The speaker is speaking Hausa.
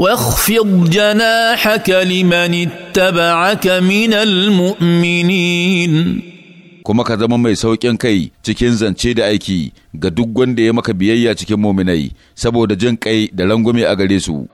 واخفض جناحك لمن اتبعك من المؤمنين kuma ka zama mai sauƙin kai cikin zance da aiki ga duk wanda ya maka biyayya cikin muminai saboda jin kai da rangwame a gare su